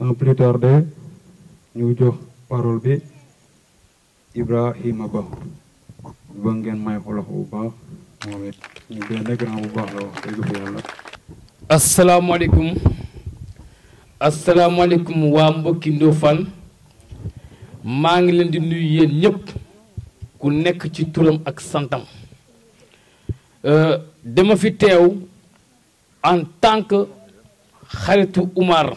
sans plus tarder ñu jox parole bi Ibrahima Ba ba ngeen may xolox bu baax moom it ñu benn grand bu baax la wax dëgg fa yàlla asalaamaaleykum waa mbokki Ndofane maa ngi leen di nuyu yéen ñëpp ku nekk ci turam ak santam euh, dama fi teew en tant que xaritu Umar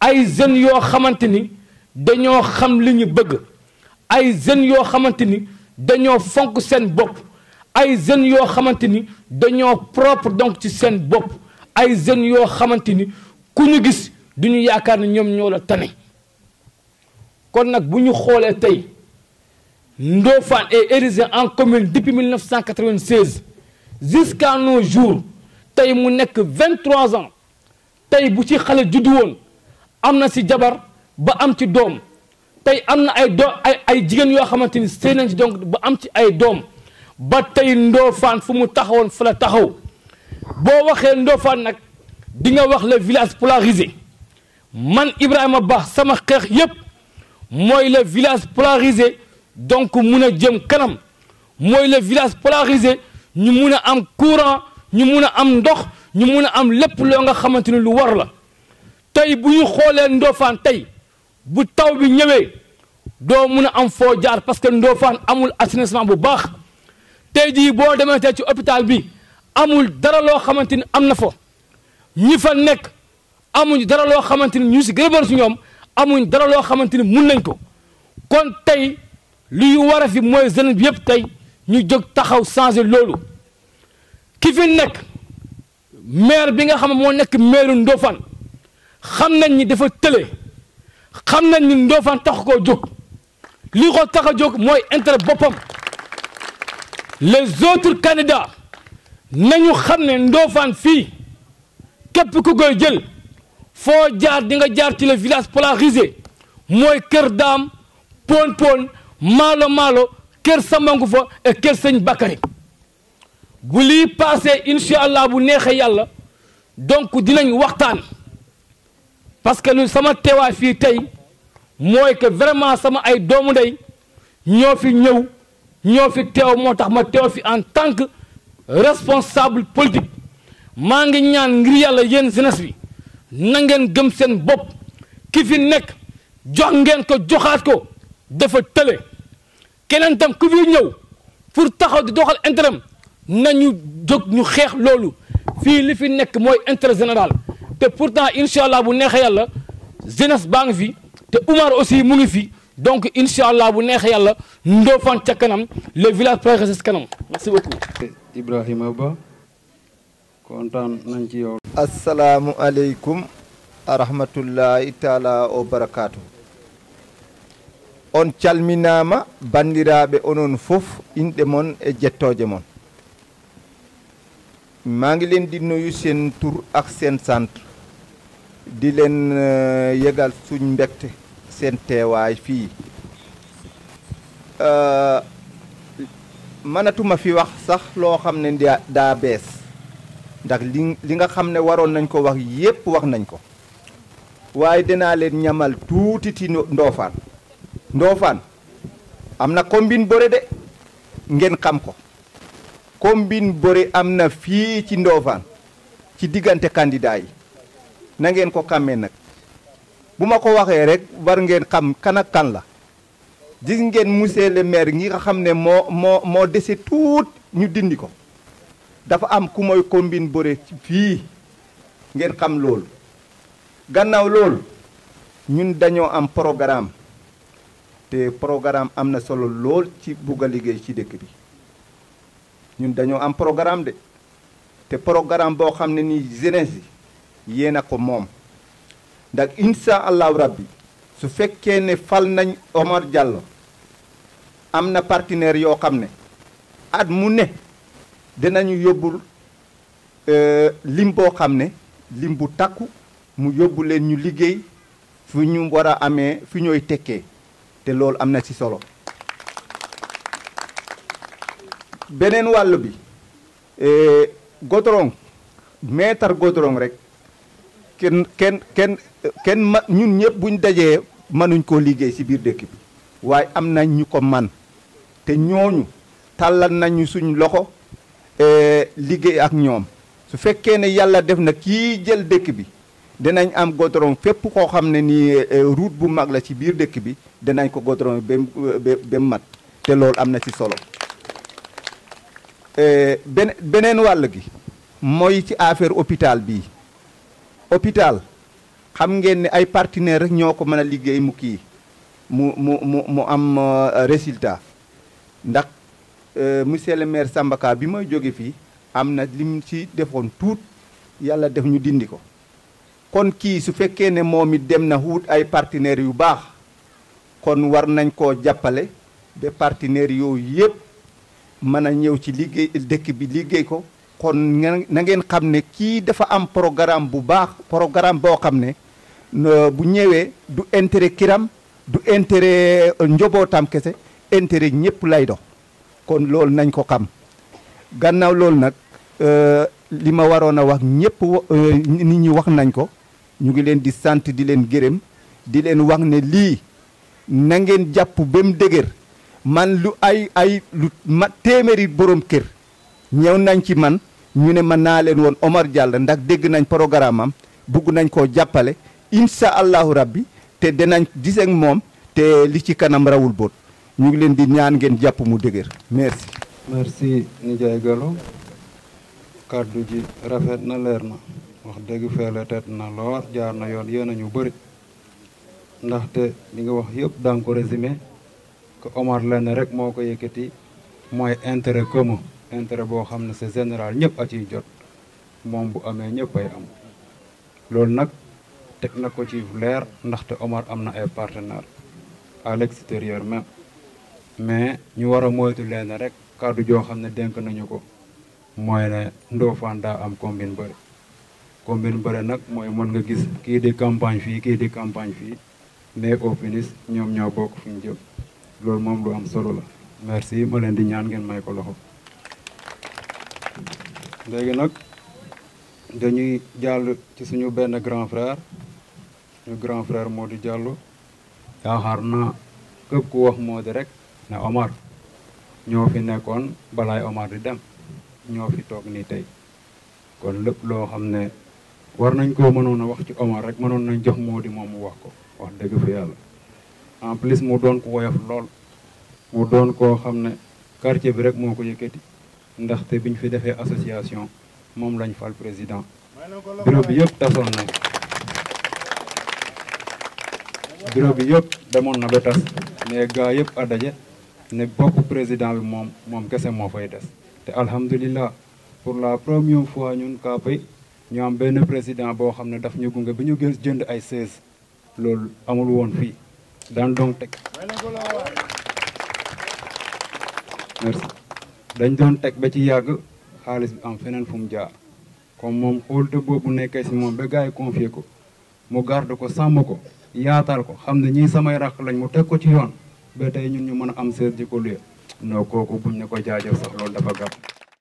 ay jeunes yoo xamante ni dañoo xam li ñu bëgg ay jeunes yoo xamante ni dañoo fonk seen bopp ay jeunes yoo xamante ni dañoo propre donc ci seen bopp ay jeunes yoo xamante ni ku ñu gis du ñu yaakaar ne ñoom ñoo la tane kon nag bu ñu xoolee tey Ndofane et érigé en commune depuis 1996 jusqu'à nos jours tey mu nekk 23 ans tey bu ci xale juddu woon am na si jabar ba am ci doom tey am na ay doo ay ay jigéen yoo xamante ni sëy nañ ci donc ba am ci ay doom ba tey Ndofane fu mu taxawoon fa la taxaw boo waxee Ndofane nag dinga wax le village polarisé man Ibrahima baax sama xeex yépp mooy le village polarisé donc mun a jëm kanam mooy le village polarisé ñu mun a am courant ñu mun a am ndox ñu mun a am lépp loo nga xamante ni lu war la tey bu xoolee Ndofane tey bu taw bi ñëwee doo mun a am foo jaar parce que Ndofane amul assainissement bu baax tey jii boo demee tey ci hôpital bi amul dara loo xamante ni am na fa ñi fa nekk amuñ dara loo xamante ni ñu si gën a bëri si ñoom amuñ dara loo xamante ni mun nañ ko kon tey liy war a fi mooy jeune bi yëpp tey ñu jog taxaw changé loolu ki fi nekk maire bi nga xam moo nekk maire Ndofane xamnañ ni dafa xamnañ ni ndofan tax ko li ko tax a intérêt les autres candidats nañu xam ne fi fii képp ku koy jël jaar di nga jaar ci le village polarisé mooy Kër Daam Pon Malo, Maalo Maalo Kër et Kër Sëñ Bakary bu lii passé incha allah bu donc dinañ parce que lu sama teewaay fii tey mooy que vraiment sama ay doomu ndey ñoo fi ñëw ñoo fi teew moo tax ma teew fi en tant que responsable politique maa ngi ñaan ngir yàlla yéen jeunesse bi na ngeen gëm seen bopp ki fi nekk jox ngeen ko joxaat ko dafa tële keneen tam ku fi ñëw pour taxaw di doxal intérêt nañu jóg ñu xeex loolu fii li fi nekk mooy intérêt général Et pourtant Inch'Allah, vous bu neexee Zenas Zenas de Et aussi mu donc Inch'Allah, vous bu neexee yàlla Nous ca kanam le village progresse kanam merci beaucoup. Ibrahim Ba Content nañ ci yow. asalaamualeykum. rahmatullahi taala wa barakatu on calminama bandirabe onon fof Indemon et e jettoje moon maguilen tour ak centre di leen euh, yëgal suñ mbégte seen teewaay fii euh, mënatuma fi wax sax loo xam ne daa bees ndax li li nga xam ne waroon nañ ko wax yépp wax nañ ko waaye dinaa leen ñamal tuuti ci Ndoofaan Ndoofaan am na combine Boré de ngeen xam ko combine Boré am na fii ci Ndoofaan ci diggante kandidaay na ngeen ko xàmmee nag bu ma ko waxee rek war ngeen xam kan kan la gis ngeen monsieur le maire ngi nga xam ne moo moo moo dese tuut ñu dindi ko dafa am ku mooy combine bëre fii ngeen xam loolu gannaaw loolu ñun dañoo am programme te programme am na solo lool ci bugg liggéey ci dëkk bi ñun dañoo am programme de te programme boo xam ne nii jeunesse yéen a ko moom ndax insha allahu rabbi su fekkee ne fal nañ Omar Diallo am na partenaire yoo xam ne at mu ne dinañu yóbbul euh, lim boo xam ne lim bu takku mu yóbbu leen ñu liggéey fu ñu war a amee fu ñooy tekkee te loolu am na ci solo beneen wàll bi euh, Godorong maître Godorong rek kenn kenn kenn kenn ma ñun ñëpp buñ dajee mënuñ koo liggéey ci biir dëkk bi waaye am nañ ñu ko man te ñooñu tàllal nañu suñ loxo eh, liggéey ak ñoom su fekkee ne yàlla def na kii jël dëkk bi dinañ am goudron fépp koo xam ne nii eh, route bu mag la ci biir dëkk bi dinañ ko goudron ba ba mat te loolu am na ci solo eh, beneen wàll gi mooy ci affaire hôpital bii hôpital xam ngeen ni ay partenaires ñoo ko mën a liggéey mu kii mu mu mu mu am euh, résultat ndax euh, monsieur le maire Samba bi may jóge fii am na lim ci defoon tuut yàlla def ñu dindi ko kon kii su fekkee ne moom it dem na wut ay partenaires yu baax kon war nañ koo jàppale ba partenaires yooyu yëpp mën a ñëw ci liggéey dëkk bi liggéey ko kon na ngeen xam ne kii dafa am programme bu baax programme boo xam ne bu ñëwee du intérêt kiram du intérêt euh, njobootam kese intérêt ñëpp lay dox kon loolu nañ ko xam gannaaw loolu nag euh, li ma waroon a wax ñëpp euh, nit ñi wax nañ ko ñu ngi leen di sant di leen gërëm di leen wax ne lii na ngeen jàpp ba mu dëgër man lu ay ay lu ma téeméeri borom kër ñëw nañ ci man ñu ne man naa leen woon Omar jàll ndax dégg nañ programme am bugg nañ koo jàppale incha allahu rabbi te danañ diseen moom te li ci kanam rawul boot ñu ngi leen di ñaan ngeen jàpp mu dëgër merci. merci Ndiaye Gallo kàddu ji rafet na leer na wax dëgg feele tet na lool jaar na yoon yéen ñu bëri ndaxte li nga wax yëpp danga ko résumé que Omar lenn rek moo ko yëkkati mooy intérêt commun. intérêt boo xam ne c'est général ñëpp a ciy jot moom bu amee ñëpp ay am loolu nag teg na ko ci leer ndaxte Omar am na ay partenaires à l'extérieur même mais ñu war a moytu leen rek kàddu joo xam ne denk nañu ko mooy ne Ndofane daa am combine bëri combine bare nag mooy mën nga gis kii di campagne fii kii di campagne fii mais au finish ñoom ñoo bokk fu ñu jëm loolu moom lu am solo la merci ma leen di ñaan ngeen may ko loxo légui nak, dañuy jalu ci suñu ben grand frère ñu grand frère moo jallu ya yaakaar naa ku wax moo rek na Omar ñoo fi nekkon balaay Omar di dem ñoo fi tok ni tay kon lepp lo xam ne war nañ ko mënon na wax ci Omar rek mënon nañ jox moo di wax ko wax dëgg fa yalla en plus mu doon ko woyof lool mu doon ko xam quartier bi rek moko yëkëti ndaxte bi fi defee association moom lañ fal président bureau bi yëpp tasoon na bureau bi yëpp demoon na ba tas mais gaa yëpp a daje ne bopp président bi moom moom kese moo fay des te alhamdulilah pour la première fois ñun Kaapay ñu am benn président boo xam ne daf ñu gunge bi ñu gës jënd ay 16 loolu amul woon fii daan donc teg merci dañ doon teg ba ci yàgg xaalis bi am feneen fu mu jaar comme moom xoolute boobu nekkee si moom ba gars yi confier ko mu garde ko sàmm ko yaatal ko xam ne ñii samay raq lañ mu teg ko ci yoon ba tey ñun ñu mën a am seet ji ko luye non kooku buñ ne ko jaajëf sax loolu dafa gàpp